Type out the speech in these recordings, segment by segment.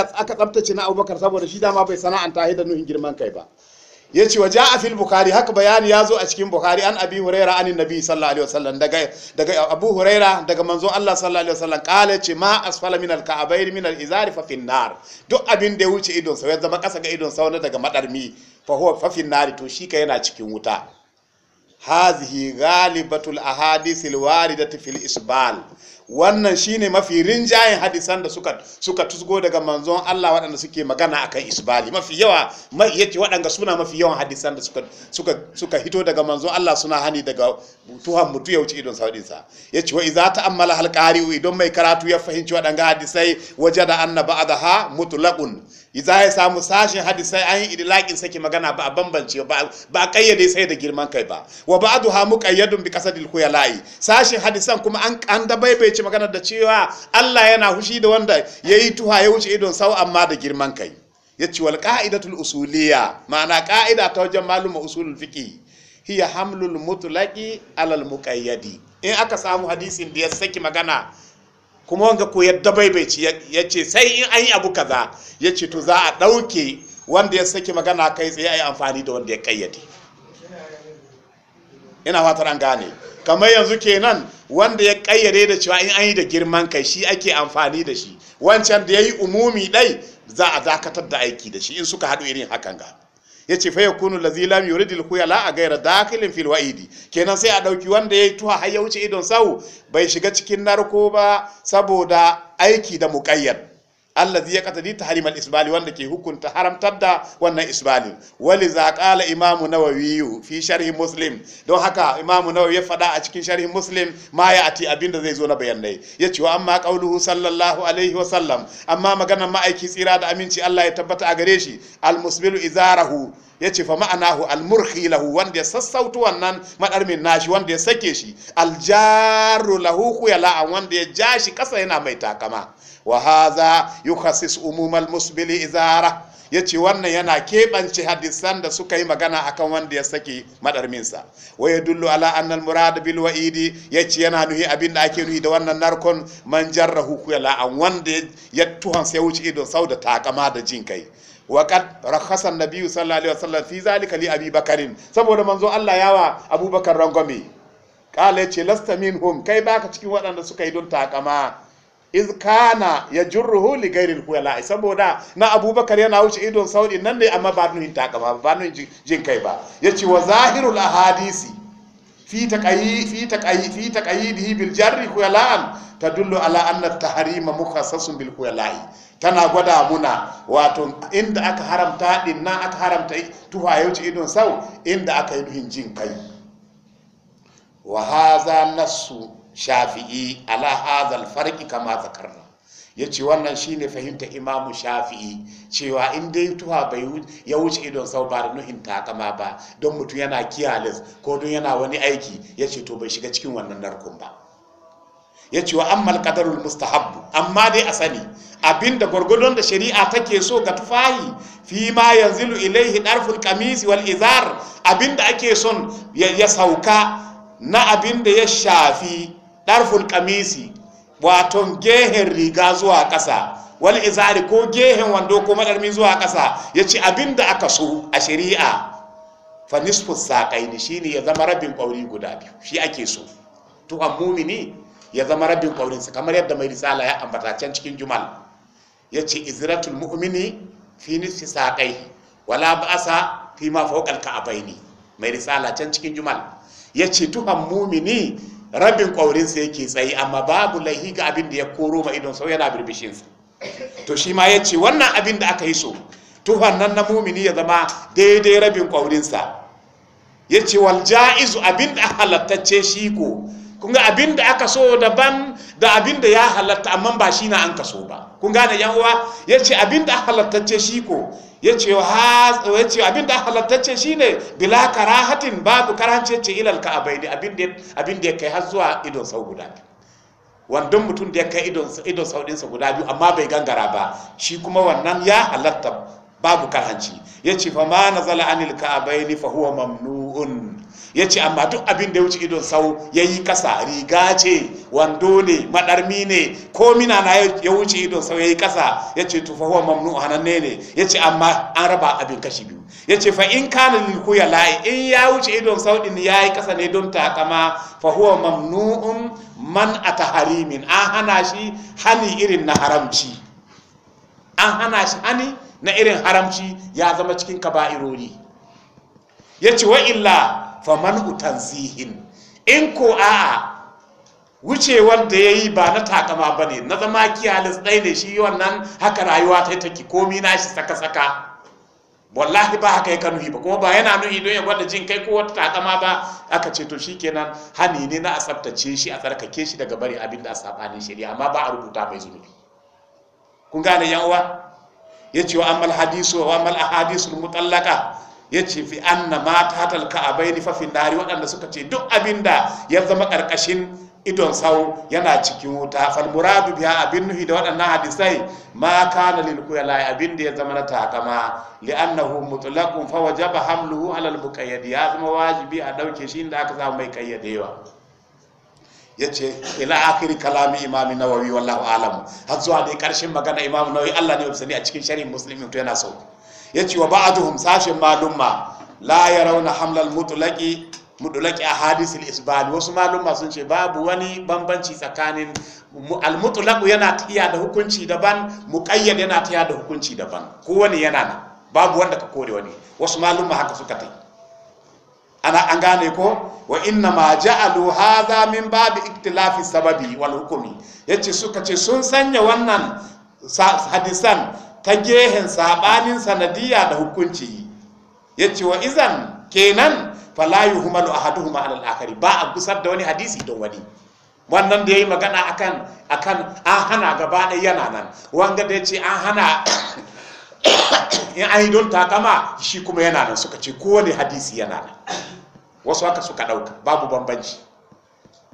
aka tsabtace na abubakar saboda shi dama bai sana'anta da nuhin girman kai ba ya ce wa ja'a fil bukhari haka bayani ya zo a cikin bukhari an abi huraira an nabi sallallahu alaihi wasallam daga daga abu huraira daga manzon Allah sallallahu alaihi wasallam kala ce ma asfala min al ka'abain min al izari fa nar duk abin da ya wuce idon sa ya zama kasa ga idon sa daga madarmi fa huwa to shi ka yana cikin wuta hazihi ghalibatul ahadithil waridati fil isbal wannan shine mafi rinjayen hadisan da suka suka tusgo daga manzon Allah waɗanda suke magana akan isbali mafi yawa mai yake waɗanda suna mafi yawan hadisan da suka suka hito daga manzon Allah suna hani daga tuhan mutu ya wuce idon saudin sa yace wa idza ta'ammala hal qari'u idan mai karatu ya fahimci waɗanda hadisai waje wajada anna ba'daha mutlaqun idza ya samu sashin hadisai an yi idlaqin sake magana ba a bambance ba ba kayyade sai da girman kai ba wa ba mu muqayyadun bi dilkuya khuyala'i sashin hadisan kuma an dabaibai ce magana da cewa Allah yana hushi da wanda ya yi tuha ya wuce idon sau amma da girman kai ya ce wal ka'idatul usuliya ma'ana ka'ida ta wajen maluma usulul fiqi hiya hamlul mutlaqi alal muqayyadi in aka samu hadisin da ya saki magana kuma wanga ko yadda baibaici ya ce sai in an yi abu kaza ya ce to za a ɗauke wanda ya saki magana kai tsaye a yi amfani da wanda ya kayyade ina fatar an gane kamar yanzu kenan wanda ya kayyade da cewa in an yi da girman kai shi ake amfani da shi wancan da ya yi umumi dai za a dakatar da aiki da shi in suka haɗu irin hakan ga ya ce faya kunu lazi lam yuridil khuyala a gaira dakilin fil wa'idi kenan sai a ɗauki wanda ya yi tuha har ya wuce idon sau bai shiga cikin narko ba saboda aiki da muƙayyad allah ya katadi tahrim al-isbali wanda ke hukunta haramtar da wannan isbalin wali za qala imamu nawawi fi sharhi muslim don haka imamu nawawi ya fada a cikin sharhi muslim ma ya ati abinda zai zo na bayanai ya ce wa amma qauluhu sallallahu alaihi wa sallam amma maganar ma'aiki tsira da aminci Allah ya tabbata a gare shi al-musbilu izarahu ya ce fa ma'anahu almurhi lahu wanda ya sassauta wannan min nashi wanda ya sake shi Al aljaru lahu la'an wanda ya ja shi kasa yana mai takama wa hadha yukhasis umumal musbili izara yace wannan yana keɓance hadisan da suka yi magana akan wanda ya saki madarminsa wa yadullu ala annal murad bil wa'idi yace yana nuhi abin da ake nuhi da wannan narkon man jarrahu kula an wanda ya tuhan sai wuce ido sau da takama da jin kai kad rakhasa nabiyu sallallahu alaihi wasallam fi zalika li abi bakarin saboda manzo Allah ya wa abubakar rangwame kala yace lasta minhum kai baka cikin waɗanda suka yi don takama iz kana ya jurruhu li ghairil khuyala saboda na abubakar yana wuce idon saudi nan ne amma ba nuhin takama ba nuhin jin kai ba yace wa zahirul ahadisi fi taqayi fi taqayi fi dihi bil jarri khuyalan tadullu ala anna tahrima mukhassasun bil tana gwada muna wato inda aka haramta din na aka haramta tufa ya wuce idon sau inda aka yi nuhin jin kai wa hadha nasu shafi'i ala hazal farki kama zakarna yace wannan shine fahimta imamu shafi'i cewa in dai tuha bai ya wuce idon sau ba da nuhin takama ba don mutum yana kiyalis ko don yana wani aiki yace to bai shiga cikin wannan narkun ba yace ce wa ammal qadarul mustahabbu amma dai a sani abinda gurgudon da shari'a take so ga tufahi fi ma yanzilu ilaihi darful qamis wal izar abinda ake son ya sauka na abinda ya shafi Ɗarfin kamisi waton gehen riga zuwa ƙasa wal izari ko gehen wando ko madarmi zuwa ƙasa ya ci abin da aka so a shari'a fa nisfus shi ne ya zama rabin ƙauri guda biyu shi ake so tuhan mumini ya zama rabin ƙaurinsa kamar yadda mai risala ya ambata can cikin jumal ya ce izratul mu'mini fi nisfi saƙai wala ba'asa fi ma bai ka'abaini mai risala can cikin jumal ya ce tuhan mumini rabin kwaurinsa yake tsayi amma babu laihi ga abin da ya koro ma idon sau yana birbishinsa to shi ma ya ce wannan abin da aka yi so tuhon nan na mumini ya zama daidai rabin kwaurinsa ya ce wal ja'izu abin da halattacce shi ko kun abin da aka so daban da abin da ya halatta amma ba shi na an kaso ba kun gane yan uwa ya ce abin da halattacce shi ko ya ce ya ce abin da halattacce shine bila karahatin babu ce ilal ka abaidi abin da ya kai har zuwa idon sau guda wandon mutum da ya kai idon sau ɗinsa guda biyu amma bai gangara ba shi kuma wannan ya halatta babu karhanci ya ce fa ma nazala anil ka abaidi fa huwa mamnu'un ya ce amma duk abin da ya wuce idon sau ya yi kasa riga ce wando ne madarmi ne ko mina na ya wuce idon sau ya yi kasa ya ce tufa huwa mamnu hananne ne ya ce amma an raba abin kashi biyu ya ce fa in kana lilku ya la'i in ya wuce idon sau din ya yi kasa ne don takama fa huwa mamnu'un man ata harimin an hana shi hani irin na haramci an hana shi hani na irin haramci ya zama cikin kaba'irori ya ce wa illa faman utanzihin in ko a'a wucewar da ya yi ba na takama ba ne na zama kiyalis ɗaya ne shi wannan haka rayuwa ta yi take komi na shi saka-saka wallahi ba haka ya nuhi ba kuma ba yana nuhi don ya gwada jin kai ko wata takama ba aka ce to kenan hani ne na a tsaftace shi a tsarkake shi daga bari abin da a sabanin shari'a amma ba a rubuta mai zunubi kun gane yan uwa ya ce wa amal hadisu wa amal ahadisul mutallaka ya ce fi anna ma ta talka a bai nifafin dari waɗanda suka ce duk abin da ya zama ƙarƙashin idon sau yana cikin wuta falmuradu biya abin nuhi da waɗannan hadisai ma kana lil kuyala abin da ya zama na takama li'annahu mutlaqun fa wajaba hamluhu ala al muqayyad ya zama wajibi a dauke shi inda aka samu mai kayyadewa yace ila akhir kalami imami nawawi wallahu alam har zuwa dai karshen magana imam nawawi Allah ne ya sani a cikin sharhin muslimin to yana sauki ya ce wa ba'aduhum sashin malumma la ya rauna hamlal mutulaki mutulaki a hadisul isbali wasu malumma sun ce babu wani bambanci tsakanin almutulaku yana tiya da hukunci daban muqayyad yana tiya da hukunci daban ko wani yana nan babu wanda ka kore wani wasu malumma haka suka ta ana an gane ko wa inna ma ja'alu hadha min babi iktilafi sababi wal hukumi yace suka ce sun sanya wannan hadisan ta gehen saɓanin sanadiyya da hukunci ya ce wa izan kenan falayu humalu a hadu huma al'akari ba a gusar da wani hadisi don wani wannan da ya yi magana akan akan an hana gaba ɗaya yana nan wanga da ya ce an hana in an yi don takama shi kuma yana nan suka ce kowane hadisi yana nan wasu haka suka ɗauka babu bambanci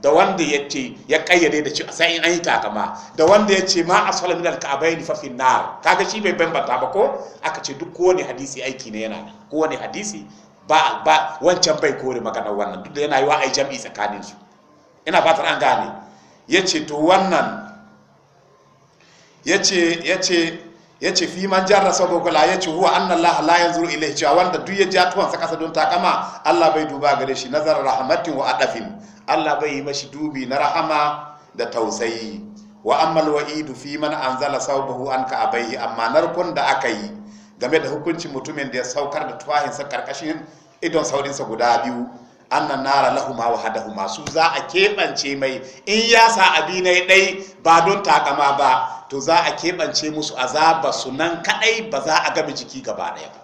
da wanda ya ce ya kayyade da ci sai an yi takama da wanda ya ce ma asfala min alka'abain fa fi nar kaga shi bai bambanta ba ko aka ce duk kowane hadisi aiki ne yana kowane hadisi ba ba wancan bai kore magana wannan duk da yana yi wa ai jami'i tsakanin su ina fatan an gane yace to wannan yace yace yace fi man jarra sababu la yace huwa anna Allah la yanzuru ilayhi cewa wanda duk ya ji atuwan sa kasa don takama Allah bai duba gare shi nazar rahmatin wa adafin Allah bai yi mashi dubi na rahama da tausayi wa ammal wa'idu fi man anzala sawbahu an ka abai amma narkon da aka yi game da hukuncin mutumin da ya saukar da sa karkashin idon saurinsa guda biyu annan nara lahuma wa hadahuma su za a keɓance mai in ya sa abinai ɗai ba don takama ba to za a keɓance musu azaba su nan kaɗai ba za a gami jiki gaba ɗaya ba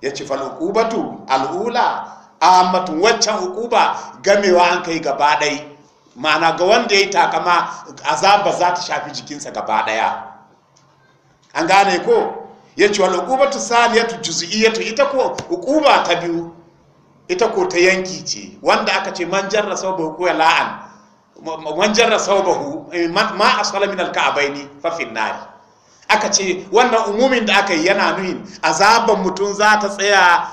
ya ci tu al'ula amatu waccan hukuba gamewa an kai gaba ɗai ma'ana ga wanda ya yi takama azaba za ta shafi jikinsa gaba ɗaya an gane ko ya ce wani hukuba ta saliyatu juzi'iyatu ita ko hukuba ta biyu ita ko ta yanki ce wanda aka ce man jarra saubahu ko ya la'an man jarra eh, ma min ne fa aka ce wannan umumin da aka yi yana nuhin azaban mutum za ta tsaya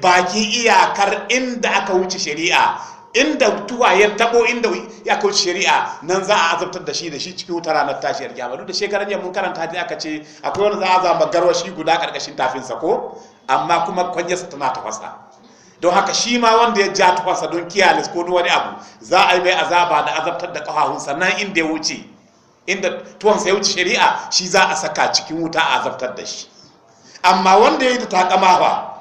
baki iyakar inda aka wuce shari'a inda tuwa ya tabo inda ya kawo shari'a nan za a azabtar da shi da shi cikin wuta ranar tashiyar kiyama duk da shekaran yamma mun karanta dai aka ce akwai wani za a zama garwashi guda karkashin sa ko amma kuma sa tana tafasa don haka shi ma wanda ya ja tafasa don kiyalis ko wani abu za a yi mai azaba da azabtar da sa, nan inda ya wuce inda tuwansa ya wuce shari'a shi za a saka cikin wuta a azabtar da shi amma wanda ya yi da takamawa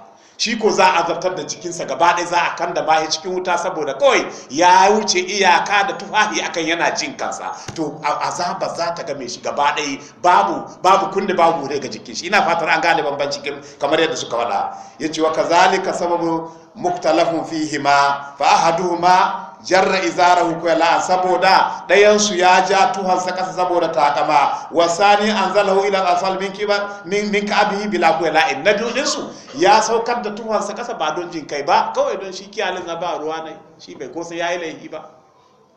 shi ko za a zartar da jikinsa gaba ɗaya za a kan da baya cikin wuta saboda kawai ya wuce iyaka da tufafi akan yana jin kansa to azaba za ta game shi gaba ɗaya babu babu kunde babu rai ga jikin shi ina fatar an gane bambanci kamar yadda suka faɗa ce wa ka kazalika sababu muktalafun fihima fa ahaduhuma jarra izarahu kwala saboda ɗayansu ya ja tuhansa ƙasa saboda takama wasani anzalahu ila asal min kiba min min kabihi bila kwala in na biyun ya saukar da tuhansa ƙasa ba don jin kai ba kawai don shi kiyalin na ba ruwa ne shi bai kosa yayi laifi ba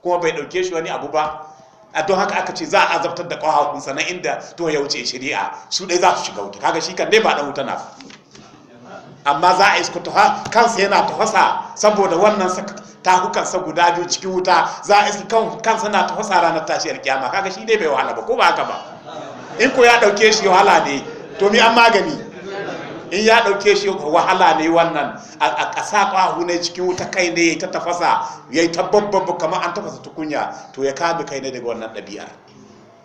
kuma bai dauke shi wani abu ba a don haka aka ce za a azabtar da ƙwahakunsa na inda to ya wuce shari'a su dai za su shiga wuta kaga shi kan dai ba dan wuta na amma za a iska tafa kansa yana tafasa saboda wannan tahukansa guda biyu cikin wuta za a iska kansa na tafasa ranar tashiyar kiyama kaga shi dai bai wahala ba ko ba haka ba in ko ya dauke shi wahala ne to mi an magani in ya dauke shi wahala ne wannan a ƙasa ƙwahu ne cikin wuta kai ne ta tafasa ya yi tabbabbabu kamar an tafasa tukunya to ya kame kai ne daga wannan ɗabi'ar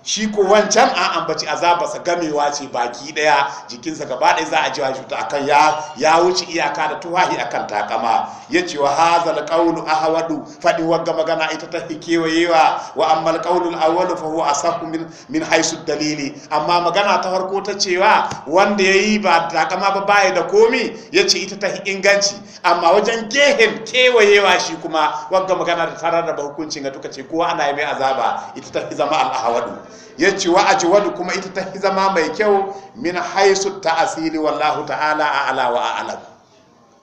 shi ko wancan an ambaci sa gamewa ce baki daya jikinsa gaba ɗaya za a ji cuta akan ya ya wuce iyaka da tuwahi akan takama yace ce wa hazal qawlu ahwadu fadi wagga magana ita ta kewayewa wa amma alqawlu alawwalu fa huwa asaqu min min haisu dalili amma magana ta farko ta cewa wanda yayi ba takama ba baya da komi yace ita ta inganci amma wajen gehen kewayewa shi kuma wagga magana da tarar da hukuncin ga tuka ce kowa ana yi mai azaba ita ta zama al ahwadu yace wa'aji wa kuma ita ta zama mai kyau min haisu ta wallahu ta'ala a ala wa alam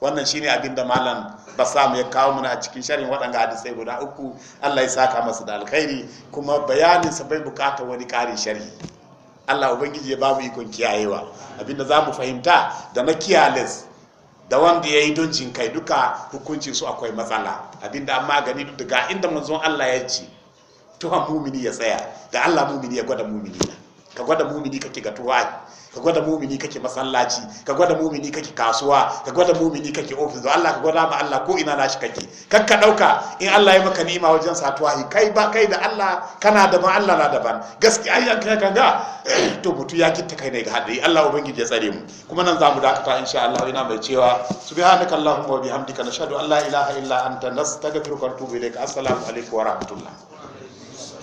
wannan shine abin da malam basam ya kawo mana a cikin sharhin waɗanga hadisai guda uku Allah ya saka masa da alkhairi kuma bayanin sa bai bukata wani ƙarin sharhi Allah ubangiji ya babu ikon kiyayewa abinda za mu fahimta da na kiyales da wanda ya yi don jinkai duka hukuncin su akwai matsala abinda amma gani duk daga inda manzon Allah ya ce tuhan mumini ya tsaya da Allah mumini ya gwada mumini na ka gwada mumini kake ga tuwa ka gwada mumini kake masallaci ka gwada mumini kake kasuwa ka gwada mumini kake ofis da Allah ka gwada ma Allah ko ina nashi kake kar ka dauka in Allah ya maka ni'ima wajen satuwahi kai ba kai da Allah kana da ma Allah na daban gaskiya ai ka kaga to mutu ya kitta kai ne ga hadari Allah ubangiji ya tsare mu kuma nan zamu dakata insha Allah ina mai cewa allahumma wa bihamdika nashhadu an la ilaha illa anta nastaghfiruka wa natubu ilaik assalamu alaikum wa rahmatullah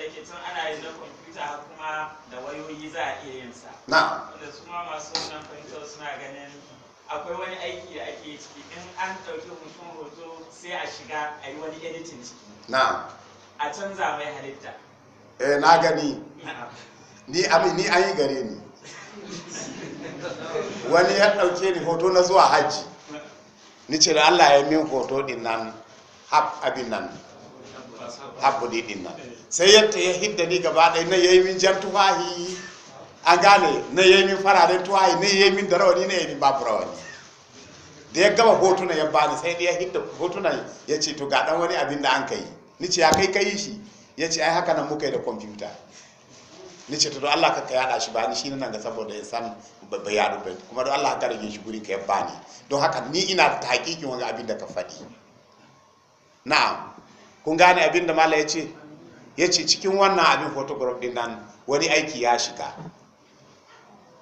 wanda ke can ana yin na kwamfuta kuma da wayoyi za a iya yin sa wanda su ma masu wannan fahimtar suna ganin akwai wani aiki da ake ciki in an ɗauki mutum hoto sai a shiga a yi wani editing ciki a canza mai halitta eh na gani ni abin ni an yi gare ni wani ya ɗauke ni hoto na zuwa hajji ni ce da allah ya min hoto din nan hab abin nan haɓɓuɗi ɗin nan sai yadda ya hidda ni gaba ɗaya na yayi min jan tufahi a gane na yayi min fararen tuwahi na yayi min darawani na yayi min babu rawani da ya gama hotunan ya bani sai ya hidda hotunan ya ce to ga ɗan wani abin da an kai ni ce ya kai kai shi ya ce ai haka nan muka yi da kwamfuta ni ce to Allah ka kaya shi bani shi nan ga saboda ya san bai ya ba kuma don Allah ka rage shi guri ka ya bani don haka ni ina da hakikin wani abin da ka faɗi na'am kun gane abin da mala ya ce ya ce cikin wannan abin photograph din nan wani aiki ya shiga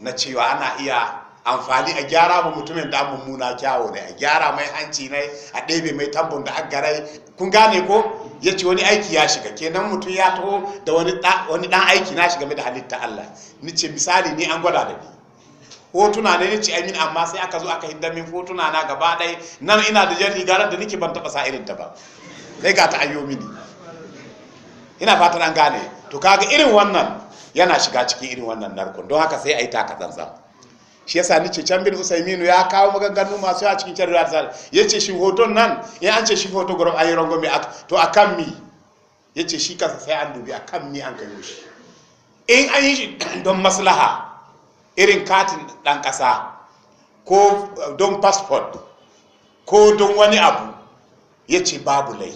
na cewa ana iya amfani a gyara ma mutumin da mummuna kyawo ne a gyara mai hanci ne a ɗebe mai tambun da agarai kun gane ko ya ce wani aiki ya shiga kenan mutum ya taho da wani ɗan aiki na shiga da halitta Allah ni ce misali ni an gwada da ni hotuna ne ni ce amin amma sai aka zo aka hidda min hotuna na gaba ɗaya nan ina da jan rigarar da nake ban taɓa sa irin ta ba sai ga ta ayyo mini ina fatan an gane to kaga irin wannan yana shiga cikin irin wannan narkon don haka sai a yi taka zanzan shi yasa ni ce can bin usaiminu ya kawo maganganu masu yawa cikin can riyar ya ce shi hoton nan ya an ce shi hoton an yi rango mai to a kan mi ya ce shi kasa sai an dubi a kan mi an kayo shi in an yi don maslaha irin katin dan kasa ko eh, don passport ko don wani abu ya ce babu lai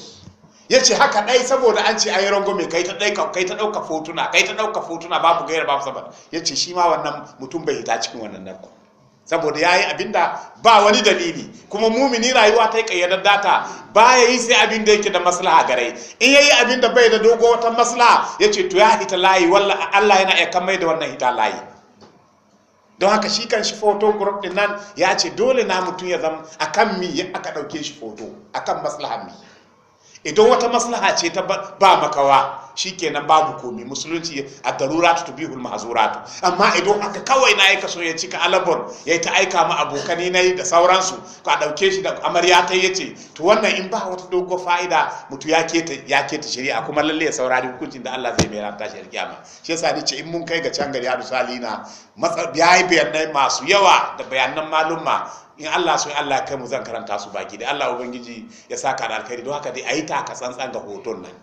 ya ce haka ɗai saboda an ce ayi yi mai kai ta ɗauka fotuna kai ta ɗauka fotuna babu gayar babu saboda ya ce shi ma wannan mutum bai hita cikin wannan narko saboda ya yi abinda ba wani dalili kuma mumini rayuwa ta yi ƙayyadar data ba ya yi sai abin da yake da maslaha gare in ya yi abin da bai da dogo wata maslaha ya ce to ya hita layi wallah allah yana iya kan da wannan hita layi don haka shi kan shi foto group din nan ya ce dole na mutum ya zama akan mi aka ɗauke shi foto akan maslaha mi idan wata maslaha ce ta ba makawa Shi shikenan babu komi musulunci a daruratu tubihul mahzuratu amma idan aka kawai na aika so ya cika alabon ya ta aika ma abokani nayi da sauransu Ko a dauke shi da amarya ta yace to wannan in ba wata dogo fa'ida mutu ya keta ya keta shari'a kuma lalle ya saurari hukuncin da Allah zai ta a alkiyama shi yasa ni ce in mun kai ga can gari na Salina yayi bayanai masu yawa da bayanan malumma in Allah so Allah kai mu zan karanta su baki da Allah ubangiji ya saka da alkhairi don haka dai ayi ta ka tsantsan ga hoton nan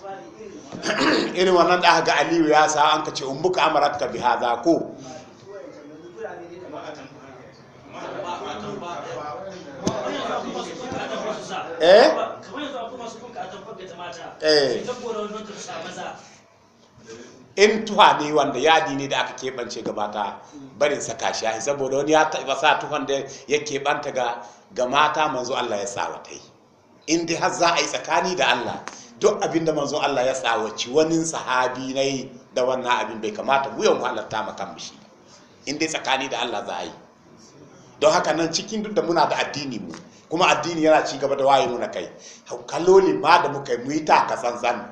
irin wannan da aka ga aliyu ya sa an ka ce in amarat ka haza ko eh? Eh. in tuha ne wanda yadi ne da aka keɓance gabata barin saka shi saboda wani ya taɓa sa tuhon da ya keɓanta ga mata manzo Allah ya sa ta yi in dai har za a yi tsakani da Allah duk abin da manzon Allah ya tsawaci wani sahabi na yi da wannan abin bai kamata mu halatta ma kan shi in dai tsakani da Allah za a yi don haka nan cikin duk da muna da addini mu kuma addini yana ci gaba da waye muna kai kaloli ma da muka yi mu yi taka zanzan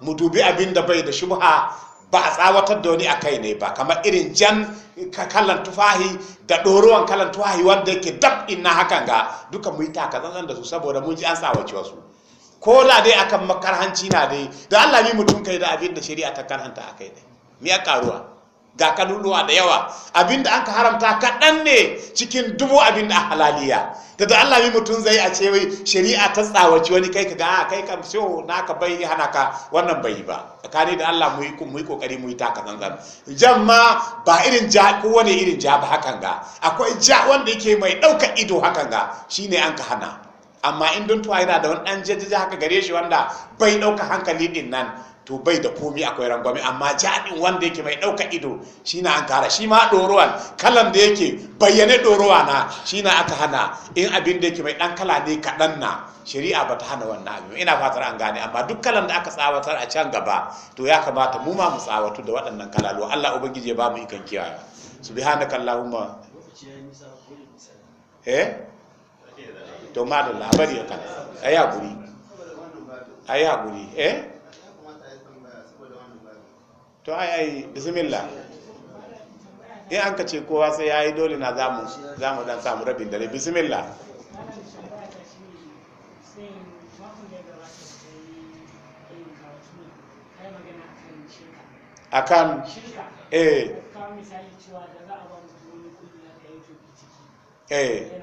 mu dubi abin da bai da shubha ba a tsawatar da wani a kai ne ba kamar irin jan kalan tufahi da ɗoruwan kalan tufahi wanda yake dab na hakan ga duka mu yi taka zanzan da su saboda mun ji an tsawaci wasu ko da dai akan makarhanci na dai da Allah mi mutum kai da abin da shari'a ta karhanta akai dai mi ya karuwa ga kaluluwa da yawa abin da ka haramta kaɗan ne cikin dubu abin da halaliya da da Allah mi mutum zai a ce shari'a ta tsawaci wani kai ka ga ah, kai kam so ka bai hana ka wannan bai ba tsakani da Allah mu yi mu yi kokari mu yi taka zanzan jamma ba irin ja ko wani irin ja ba hakan ga akwai ja wanda yake mai ɗaukar ido hakan ga shine an ka hana amma in don tuwa yana da wani ɗan jajjaja haka gare shi wanda bai ɗauka hankali din nan to bai da komi akwai rangwame amma jaɗin wanda yake mai ɗauka ido shi na an kara shi ma ɗorowar kalan da yake bayyane ɗorowa na shi na aka hana in abin da yake mai ɗan kala ne kaɗan na shari'a ba ta hana wannan abin ina fatar an gane amma duk kalan da aka tsawatar a can gaba to ya kamata mu ma mu tsawatu da waɗannan kalalu Allah ubangiji ya ba mu ikon kiyaye subhanakallahumma eh to ma da labari ya a yi aguri a yi aguri eh to ai ai bismillah in an ka ce kowa sai ya yi dole na zamu zamu dan samu rabin dare bismillah akan eh eh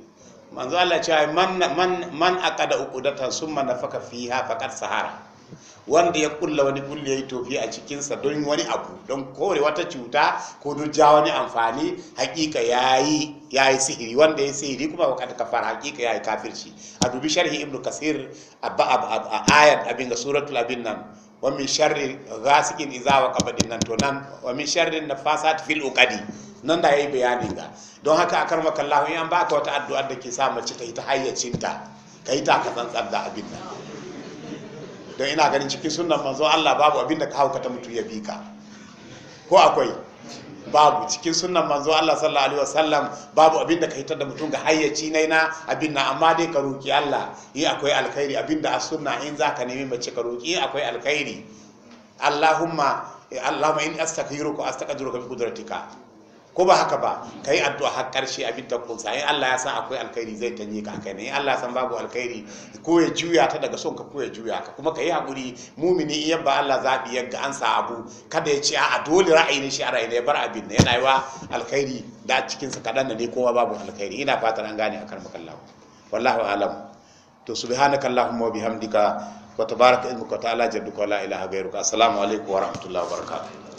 manzo Allah ce man man man aqada uqudata summa nafaka fiha faqad sahara wanda ya kulla wani kulle yayi tofi a cikin sa don wani abu don kore wata cuta ko don ja wani amfani hakika yayi yayi sihiri wanda ya sihiri kuma wakata kafara hakika yayi kafirci a dubi sharhi ibnu kasir abba ayat abin ga suratul abin nan wa min sharri ghasikin idza waqaba din nan to nan wa min sharri nafasat fil uqadi nan da yayi bayani ga don haka akar maka Allah in an baka wata addu'a da ke sa mace ta yi ta hayyacinta kai ta ka tsantsar da abin nan don ina ganin cikin sunnan manzo Allah babu abin da ka hauka ta mutu ya bi ka ko akwai babu cikin sunan manzo Allah sallallahu alaihi wasallam babu abin da ka hitar da mutum ga hayyaci nai na abin na amma dai ka roki Allah yi akwai alkhairi abin da a sunna in zaka nemi mace ka roki akwai alkhairi Allahumma Allahumma in astaghiruka astaqdiruka bi qudratika ko ba haka ba ka yi addu'a har karshe abin ta kunsa in Allah ya san akwai alkhairi zai tanye ka kai ne in Allah ya san babu alkhairi ko ya juya ta daga son ka ko ya juya ka kuma ka yi hakuri mumini in yabba Allah zabi yagga an sa abu kada ya ce a dole ra'ayi ne shi a ra'ayi ne bar abin ne yana wa alkhairi da cikin sa kadan ne kuma babu alkhairi ina fatan an gane akan makallahu wallahu alam to subhanaka allahumma wa bihamdika wa tabaraka ismuka ta'ala jadduka la ilaha ghayruka assalamu alaikum wa rahmatullahi wa barakatuh